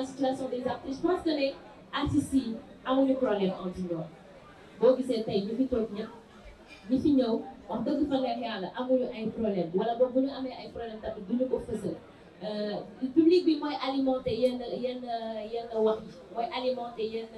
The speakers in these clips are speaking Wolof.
la situation des artistes je que ne amuñu problème entre ñoom boo gisee tey ñu fi toog ñëpp ñi fi ñëw wax dëgg fa problème wala boog bu ñu amee ay problème tamit du ñu ko fësal euh, public bi mooy alimenté yenn yenn yenn wax yi mooy alimenté yenn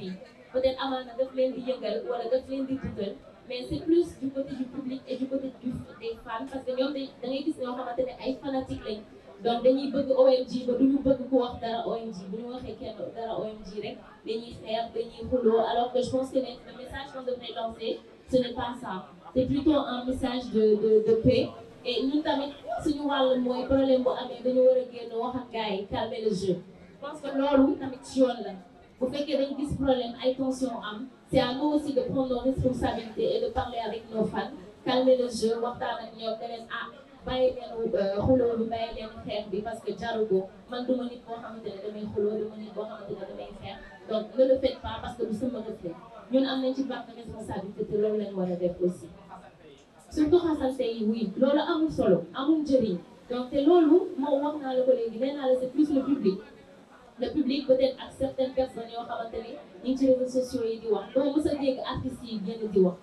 yi peut-être amaana daf leen di yëngal wala daf leen di dugal mais c'est plus du côté du public et du côté du des fans parce que ñoom da ngay gis ñoo xamante ne ay fanatiques lañ donc dañuy bëgg OMG ba du ñu bëgg ku wax dara OMG bu ñu waxee kenn dara OMG rek dañuy xeex dañuy xuloo alors que je pense que le message qu'on devrait lancer ce n'est pas ça c'est plutôt un message de de de paix et ñun tamit suñu wàll mooy problème bu amee dañu war a génn calmer le jeu je que loolu tamit yoon la bu fekkee dañu gis problème ay tension am c'est à nous aussi de prendre nos responsabilités et de parler avec nos fans calmer le jeu waxtaan ak ñoom ne leen ah bàyyi leen euh, xuloo bi bàyyi leen xeex bi parce que jaru ko man du ma nit boo xamante damay xuloo donc ne le parce que du sama reflet ñun am nañ ci part de responsabilité te loolu lañ war a def aussi surtout yi solo amul njëriñ donc te loolu moom wax naa la ko léegi nee naa la c'est plus le public le public peut-être ak certaines yoo xamante ni ñu ngi ci réseaux sociaux yi di wax doo mës a dégg artistes yi génn di wax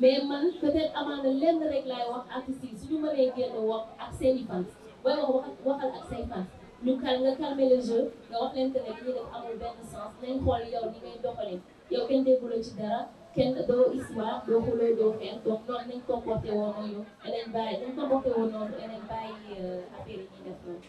mais man peut-être amaana lenn rek laay wax artistes yi suñu mënee génn wax ak seen i fans booy wax waxal ak say fans ñu kal nga calmer la jeu nga wax leen que ne li ñuy def amul benn sens nañ xool yow ni ngay doxalee yow kenn dégguloo ci dara kenn doo histoire doo xuloo doo xeex donc noonu nañ comporté woon noonu eneen bàyyi nañ comporté woon noonu eneen bàyyi euh, affaire yi ñuy def noonu